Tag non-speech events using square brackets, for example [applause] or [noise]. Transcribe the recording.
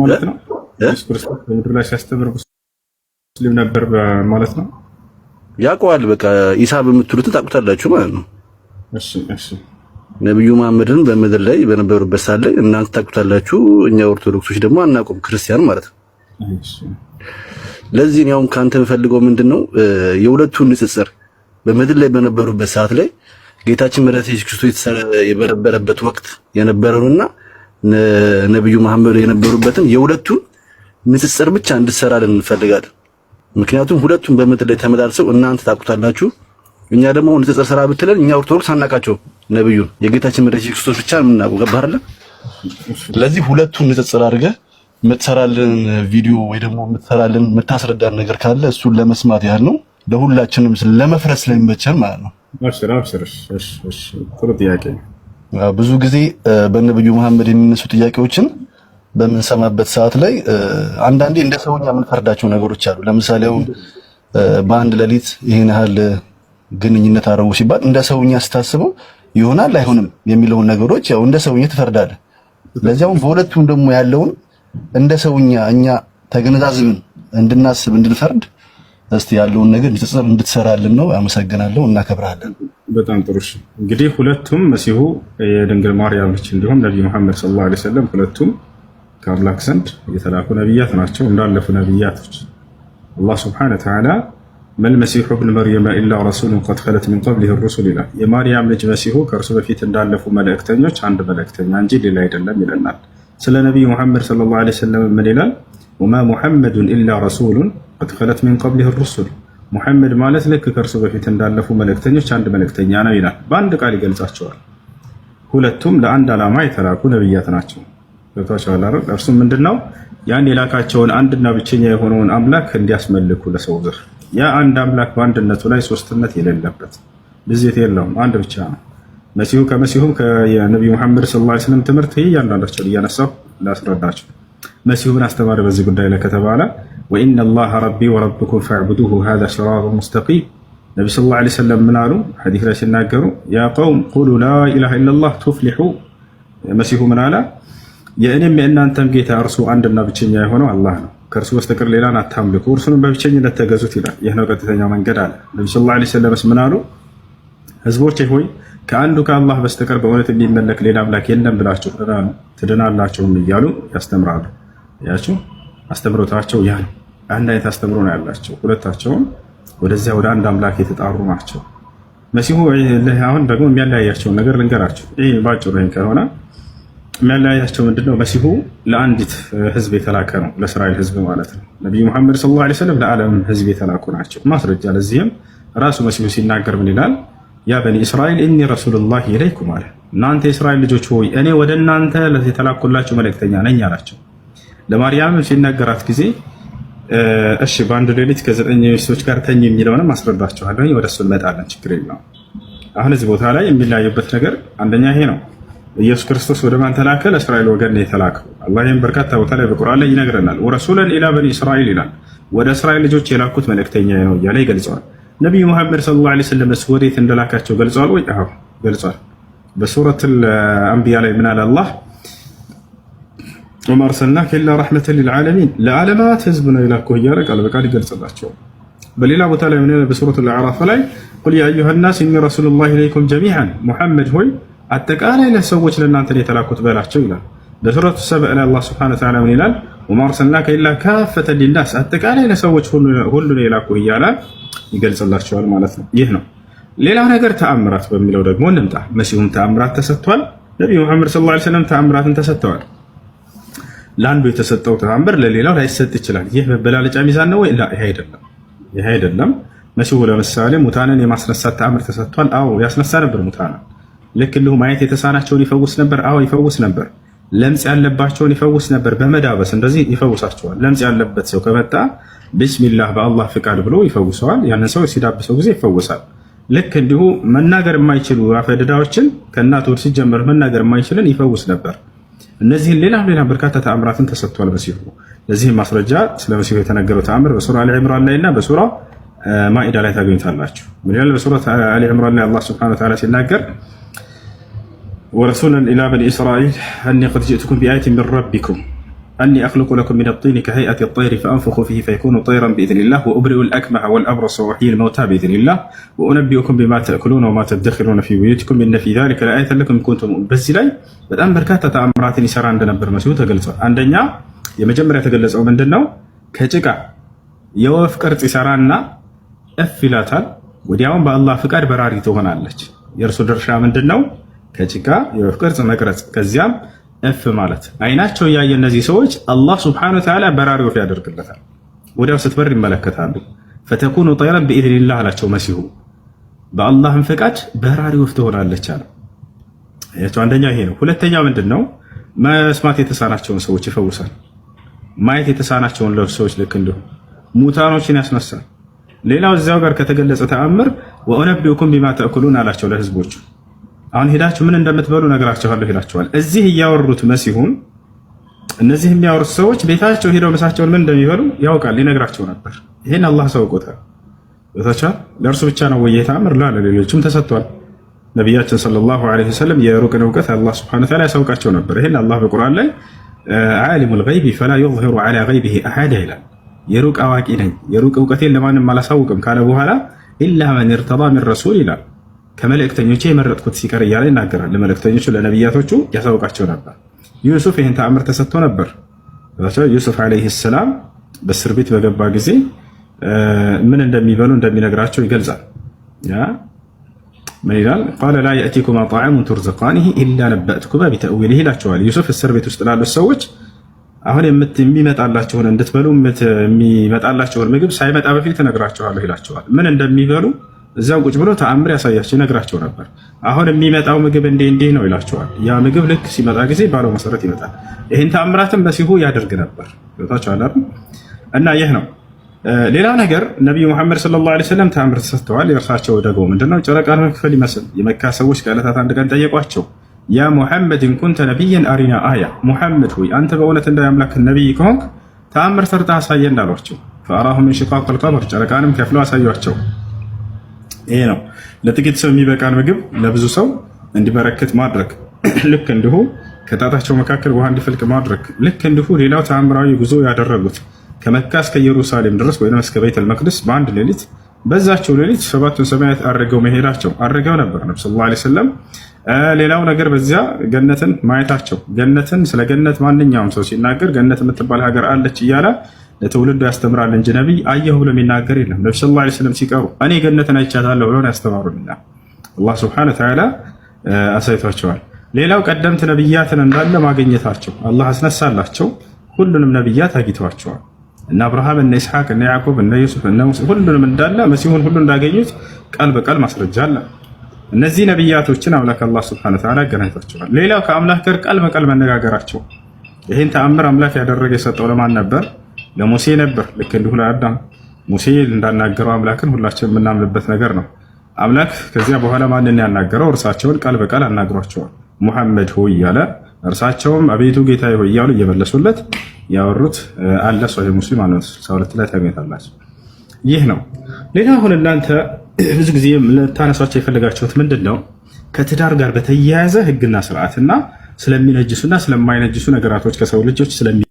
ማለት ነው። ኢየሱስ ክርስቶስ በምድር ላይ ሲያስተምር ሙስሊም ነበር ማለት ነው። ያውቀዋል። በቃ ኢሳ በምትሉት ታውቁታላችሁ ማለት ነው። እሺ፣ እሺ። ነብዩ መሐመድን በምድር ላይ በነበሩበት ሰዓት ላይ እናንተ ታውቁታላችሁ፣ እኛ ኦርቶዶክሶች ደግሞ አናውቅም፣ ክርስቲያን ማለት ነው። ለዚህ ያውም ከአንተ የምፈልገው ምንድነው የሁለቱን ንጽጽር በምድር ላይ በነበሩበት ሰዓት ላይ ጌታችን መድኃኒታችን ኢየሱስ ክርስቶስ የተሰረ የበረበረበት ወቅት የነበረውና ነብዩ መሐመድ የነበሩበትን የሁለቱን ንጽጽር ብቻ እንድትሰራልን እንፈልጋለን። ምክንያቱም ሁለቱም በምድር ላይ ተመላልሰው እናንተ ታቁታላችሁ፣ እኛ ደግሞ ንጽጽር ስራ ብትለን እኛ ኦርቶዶክስ አናቃቸው ነብዩን የጌታችን መድኃኒታችን ክርስቶስ ብቻ የምናውቀው ገባህ አይደለ? ስለዚህ ሁለቱን ንጽጽር አድርገህ የምትሰራልን ቪዲዮ ወይ ደግሞ የምትሰራልን የምታስረዳን ነገር ካለ እሱን ለመስማት ያህል ነው። ለሁላችንም ለመፍረስ ስለሚመቸን ማለት ነው። ጥሩ ጥያቄ ብዙ ጊዜ በነብዩ መሐመድ የሚነሱ ጥያቄዎችን በምንሰማበት ሰዓት ላይ አንዳንዴ እንደ ሰውኛ የምንፈርዳቸው ነገሮች አሉ። ለምሳሌ አሁን በአንድ ሌሊት ይህን ያህል ግንኙነት አረቡ ሲባል እንደ ሰውኛ ስታስበው ይሆናል አይሆንም የሚለውን ነገሮች ያው እንደ ሰውኛ ትፈርዳለህ። ለዚያውም በሁለቱም ደግሞ ያለውን እንደ ሰውኛ እኛ ተገነዛዝብን እንድናስብ እንድንፈርድ እስቲ ያለውን ነገር እንድትሰራልን ነው። አመሰግናለሁ። እናከብራለን። በጣም ጥሩ እንግዲህ ሁለቱም መሲሁ የድንግል ማርያም ልጅ እንዲሁም ነቢይ መሐመድ ሰለላሁ ዐለይሂ ወሰለም ሁለቱም ከአምላክ ዘንድ የተላኩ ነቢያት ናቸው እንዳለፉ ነቢያቶች። አላህ ሱብሓነሁ ወተዓላ መልመሲሑ ብን መርየመ ኢላ ረሱሉን ቀድ ኸለት ሚን ቀብሊህ ሩሱል ይላል። የማርያም ልጅ መሲሁ ከእርሱ በፊት እንዳለፉ መልእክተኞች አንድ መልእክተኛ እንጂ ሌላ አይደለም ይለናል። ስለ ነቢዩ ሙሐመድ ሰለላሁ ዐለይሂ ወሰለም ምን ይላል? ወማ ሙሐመዱን ኢላ ረሱሉን ቀድ ኸለት ሚን ቀብሊህ ሩሱል ሙሐመድ ማለት ልክ ከእርሱ በፊት እንዳለፉ መልእክተኞች አንድ መልእክተኛ ነው ይላል። በአንድ ቃል ይገልጻቸዋል። ሁለቱም ለአንድ ዓላማ የተላኩ ነብያት ናቸው። ገብቷቸዋል። እርሱም ምንድን ነው? ያን የላካቸውን አንድና ብቸኛ የሆነውን አምላክ እንዲያስመልኩ ለሰው ዘር ያ አንድ አምላክ በአንድነቱ ላይ ሶስትነት የሌለበት ብዜት የለውም፣ አንድ ብቻ ነው። መሲሁ ከመሲሁም ከነቢዩ መሐመድ ሰለላሁ ዓለይሂ ወሰለም ትምህርት ይህ እያንዳንዳቸውን እያነሳሁ ላስረዳቸው መሲሁ ምን አስተማረ በዚህ ጉዳይ ላይ ከተባለ ወኢነ ላህ ረቢ ወረብኩም ፈዕቡዱሁ ሃዛ ሲራጡ ሙስተቂም ነቢ ስ ላ ሰለም ምን አሉ ሐዲስ ላይ ሲናገሩ ያ ቀውም ቁሉ ላኢላሃ ኢለላህ ቱፍሊሑ መሲሁ ምን አለ የእኔም የእናንተም ጌታ እርሱ አንድና ብቸኛ የሆነው አላህ ነው ከእርሱ በስተቀር ሌላን አታምልኩ እርሱንም በብቸኝነት ተገዙት ይላል ይህ ነው ቀጥተኛ መንገድ አለ ነቢ ስ ላ ሰለምስ ምን አሉ ህዝቦቼ ሆይ ከአንዱ ከአላህ በስተቀር በእውነት የሚመለክ ሌላ አምላክ የለም ብላችሁ ትድናላችሁም እያሉ ያስተምራሉ ያቸው አስተምሮታቸው ያ ነው። አንድ አይነት አስተምሮ ነው ያላቸው። ሁለታቸውም ወደዚያ ወደ አንድ አምላክ የተጣሩ ናቸው። መሲሁ አሁን ደግሞ የሚያለያያቸውን ነገር ልንገራቸው። ይህ ባጭሩ ይህን ከሆነ የሚያለያያቸው ምንድነው? መሲሁ ለአንዲት ህዝብ የተላከ ነው፣ ለእስራኤል ህዝብ ማለት ነው። ነቢዩ መሐመድ ሰለላሁ ዓለይሂ ወሰለም ለዓለም ህዝብ የተላኩ ናቸው። ማስረጃ ለዚህም ራሱ መሲሁ ሲናገር ምን ይላል? ያ በኒ እስራኤል እኒ ረሱሉላህ ኢለይኩም አለ። እናንተ የእስራኤል ልጆች ሆይ እኔ ወደ እናንተ የተላኩላቸው መልእክተኛ ነኝ አላቸው። ለማርያም ሲነገራት ጊዜ እሺ በአንድ ሌሊት ከዘጠኝ ሚስቶች ጋር ተኝ የሚለውንም አስረዳችኋለሁ። ወደ እሱ እንመጣለን። ችግር የለው። አሁን እዚህ ቦታ ላይ የሚለያዩበት ነገር አንደኛ ይሄ ነው። ኢየሱስ ክርስቶስ ወደ ማን ተላከ? ለእስራኤል ወገን ነው የተላከው። አላህ ይህም በርካታ ቦታ ላይ በቁርአን ላይ ይነግረናል። ወረሱለን ኢላ በኒ እስራኤል ይላል። ወደ እስራኤል ልጆች የላኩት መልእክተኛ ነው እያለ ይገልጸዋል። ነቢዩ መሐመድ ሰለላሁ ዐለይሂ ወሰለም ወዴት እንደላካቸው ገልጸዋል ወይ? አዎ ገልጿል። በሱረት አንቢያ ላይ ምናል አላህ ወማ ከላ ኢላ ረሕመተን ሊልዓለሚን ለዓለማት ህዝብ ነው የላከው እያለ ቃል በቃል ይገልጽላቸዋል። በሌላ ቦታ ላይ ሆነ በሱረት አዕራፍ ላይ ቁል ያ አዩሃ ናስ ኢኒ ረሱሉላሂ ኢለይኩም ጀሚዓን ሙሐመድ ሆይ አጠቃላይ ለሰዎች ለእናንተ ነው የተላኩት በላቸው ይላል። በሱረቱ ሰብእ ላይ አላህ ሱብሓነሁ ወተዓላ ምን ይላል? ወማ አርሰልናከ ካፈተን ሊናስ አጠቃላይ ለሰዎች ሁሉ ነው የላኩህ እያለ ይገልጽላቸዋል ማለት ነው። ይህ ነው። ሌላው ነገር ተአምራት በሚለው ደግሞ እንምጣ። መሲሁም ተአምራት ተሰጥቷል። ነቢዩ መሐመድ ሰለላሁ ዓለይሂ ወሰለም ተአምራትን ተሰጥተዋል። ለአንዱ የተሰጠው ተአምር ለሌላው ላይሰጥ ይችላል። ይህ መበላለጫ ሚዛን ነው ወይ? ይህ አይደለም፣ ይህ አይደለም። መሲሁ ለምሳሌ ሙታንን የማስነሳት ተአምር ተሰጥቷል። አዎ ያስነሳ ነበር ሙታንን። ልክ እንዲሁ ማየት የተሳናቸውን ይፈውስ ነበር። አዎ ይፈውስ ነበር። ለምጽ ያለባቸውን ይፈውስ ነበር። በመዳበስ እንደዚህ ይፈውሳቸዋል። ለምጽ ያለበት ሰው ከመጣ ቢስሚላህ በአላህ ፍቃድ ብሎ ይፈውሰዋል። ያንን ሰው ሲዳብሰው ጊዜ ይፈወሳል። ልክ እንዲሁ መናገር የማይችሉ አፈደዳዎችን ከእናት ከእናቱ ወር ሲጀመር መናገር የማይችልን ይፈውስ ነበር። እነዚህን ሌላ ሌላ በርካታ ተአምራትን ተሰጥቷል መሲሁ። ለዚህም ማስረጃ ስለ መሲሁ የተነገረው ተአምር በሱራ አሊ ዕምራን ላይ እና በሱራ ማኢዳ ላይ ታገኙታላችሁ። ምን ይላል? በሱራ አሊ ዕምራን ላይ አላህ ሱብሓነሁ ወተዓላ ሲናገር ወረሱለን ኢላ በኒ እስራኤል አኒ ቀድ ጅእትኩም ቢአየትን ሚን ረቢኩም አኒ አክልቁ ለኩም ሚነ ጢኒ ከሀይአት ጠይሪ ፈአንፉኹ ፊሂ ፈየኩኑ ጠይረን ቢኢዝኒላህ ወኡብሪኡ ልአክመሐ ወልአብረሰ ወኡሕይይ ልመውታ ቢኢዝኒላህ ወኡነቢኡኩም ቢማ ተእኩሉነ ወማ ተደኪሩነ ፊ ቡዩቲኩም ኢነ ፊ ዛሊከ ለአየተን ለኩም ኢን ሙእሚኒን። በዚህ ላይ በጣም በርካታ ተአምራትን ይሰራ እንደነበር መሲሁ ተገልጿል። አንደኛ የመጀመሪያ የተገለጸው ምንድን ነው? ከጭቃ የወፍ ቅርጽ ይሰራና እፍ ይላታል። ወዲያውም በአላህ ፍቃድ በራሪ ትሆናለች። የእርሱ ድርሻ ምንድን ነው? ከጭቃ የወፍ ቅርጽ መቅረጽ ከዚያም እፍ ማለት አይናቸው እያየ እነዚህ ሰዎች አላህ ስብሐነሁ ወተዓላ በራሪ ወፍ ያደርግለታል። ወዲያው ስትበር ይመለከታሉ። ፈተኩኑ ጠይረን ቢኢዝኒላህ አላቸው መሲሁ። በአላህም ፈቃድ በራሪ ወፍ ትሆናለች አለ። ያቸው አንደኛው ይሄ ነው። ሁለተኛው ምንድን ነው? መስማት የተሳናቸውን ሰዎች ይፈውሳል። ማየት የተሳናቸውን ሰዎች ልክ እንዲሁ ሙታኖችን ያስነሳል። ሌላው እዚያው ጋር ከተገለጸ ተአምር ወኡነቢኡኩም ቢማ ተእኩሉን አላቸው ለህዝቦቹ አሁን ሄዳችሁ ምን እንደምትበሉ ነግራችኋለሁ። ሄዳችኋል። እዚህ እያወሩት መሲሁን እነዚህ የሚያወሩት ሰዎች ቤታቸው ሄደው ምሳቸውን ምን እንደሚበሉ ያውቃል፣ ይነግራቸው ነበር። ይሄን አላህ አሳውቆታል። ቤታቸዋል ለእርሱ ብቻ ነው ወይ ተአምር? ላ ለሌሎችም ተሰጥቷል። ነቢያችን ሰለላሁ ዐለይሂ ወሰለም የሩቅን እውቀት አላህ ሱብሓነሁ ወተዓላ ያሳውቃቸው ነበር። ይሄን አላህ በቁርአን ላይ ዓሊሙል ገይቢ ፈላ ዩዝሂሩ ዐላ ገይቢሂ አሐዳ ይላል። የሩቅ አዋቂ ነኝ የሩቅ እውቀቴን ለማንም አላሳውቅም ካለ በኋላ ኢላ መን ኢርተዳ ሚን ረሱል ይላል ከመልእክተኞቼ የመረጥኩት ሲቀር እያለ ይናገራል። ለመልእክተኞቹ ለነቢያቶቹ ያሳውቃቸው ነበር። ዩሱፍ ይህን ተአምር ተሰጥቶ ነበር። ዩሱፍ ዓለይሂ ሰላም በእስር ቤት በገባ ጊዜ ምን እንደሚበሉ እንደሚነግራቸው ይገልጻል። ምን ይላል? ቃለ ላ የእቲኩማ ጣዕሙን ቱርዘቃኒህ ኢላ ነበእትኩማ ቢተእዊልህ ይላቸዋል። ዩሱፍ እስር ቤት ውስጥ ላሉት ሰዎች አሁን የሚመጣላችሁን እንድትበሉ የሚመጣላችሁን ምግብ ሳይመጣ በፊት እነግራችኋለሁ ይላቸዋል። ምን እንደሚበሉ እዛው ቁጭ ብሎ ተአምር ያሳያቸው ይነግራቸው ነበር። አሁን የሚመጣው ምግብ እንዲህ እንዲህ ነው ይላቸዋል። ያ ምግብ ልክ ሲመጣ ጊዜ ባለው መሰረት ይመጣል። ይህን ተአምራትን በሲሁ ያደርግ ነበር ይወታቸዋል እና ይህ ነው። ሌላ ነገር ነቢዩ መሐመድ ሰለላሁ ዐለይሂ ወሰለም ተአምር ተሰጥተዋል። የእርሳቸው ደግሞ ምንድነው ጨረቃን መክፈል ይመስል የመካ ሰዎች ከዕለታት አንድ ቀን ጠየቋቸው። ያ ሙሐመድ እንኩንተ ነቢይን አሪና አያ ሙሐመድ ሆይ አንተ በእውነት እንደ አምላክ ነቢይ ከሆንክ ተአምር ሰርታ አሳየን አሏቸው። ፈአራሁም ሽቃቅ አልቀመር ጨረቃንም ከፍለው አሳዩቸው። ይሄ ነው ለጥቂት ሰው የሚበቃን ምግብ ለብዙ ሰው እንዲበረክት ማድረግ፣ [clears throat] ልክ እንዲሁ ከጣታቸው መካከል ውሃ እንዲፈልቅ ማድረግ፣ ልክ እንዲሁ ሌላው ተአምራዊ ጉዞ ያደረጉት ከመካ እስከ ኢየሩሳሌም ድረስ ወይም እስከ ቤተል መቅደስ በአንድ ሌሊት በዛቸው ሌሊት ሰባቱን ሰማያት አድርገው መሄዳቸው አድርገው ነበር ነብ ስለ ላ ስለም። ሌላው ነገር በዚያ ገነትን ማየታቸው ገነትን ስለ ገነት ማንኛውም ሰው ሲናገር ገነት የምትባል ሀገር አለች እያለ ለትውልዱ ያስተምራል እንጂ ነቢይ አየሁ ብሎ የሚናገር የለም። ነቢ ስ ላ ስለም ሲቀሩ እኔ ገነትን አይቻታለሁ ብሎን ያስተማሩልና አላህ ስብሐነ ወተዓላ አሳይቷቸዋል። ሌላው ቀደምት ነቢያትን እንዳለ ማግኘታቸው አላህ አስነሳላቸው። ሁሉንም ነቢያት አግኝተዋቸዋል። እነ አብርሃም፣ እነ ኢስሐቅ፣ እነ ያዕቆብ፣ እነ ዩሱፍ፣ እነ ሙሴ ሁሉንም እንዳለ መሲሁን ሁሉ እንዳገኙት ቃል በቃል ማስረጃ አለ። እነዚህ ነቢያቶችን አምላክ አላህ ስብሐነ ወተዓላ አገናኝቷቸዋል። ሌላው ከአምላክ ጋር ቃል በቃል መነጋገራቸው ይህን ተአምር አምላክ ያደረገ የሰጠው ለማን ነበር? ለሙሴ ነበር። ልክ እንዲሁ ለአዳም ሙሴ እንዳናገረው አምላክን ሁላችን የምናምንበት ነገር ነው። አምላክ ከዚያ በኋላ ማንን ያናገረው? እርሳቸውን ቃል በቃል አናግሯቸዋል። ሙሐመድ ሆይ እያለ እርሳቸውም አቤቱ ጌታ ሆይ እያሉ እየመለሱለት ያወሩት አለ። ሶሒህ ሙስሊም ላይ ታገኝታላችሁ። ይህ ነው። ሌላ አሁን እናንተ ብዙ ጊዜ ልታነሷቸው የፈለጋችሁት ምንድን ነው? ከትዳር ጋር በተያያዘ ህግና ስርዓትና ስለሚነጅሱና ስለማይነጅሱ ነገራቶች ከሰው ልጆች ስለሚ